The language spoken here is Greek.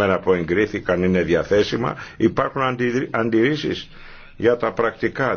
μέρα που εγκρίθηκαν είναι διαθέσιμα. Υπάρχουν αντιρρήσεις για τα πρακτικά.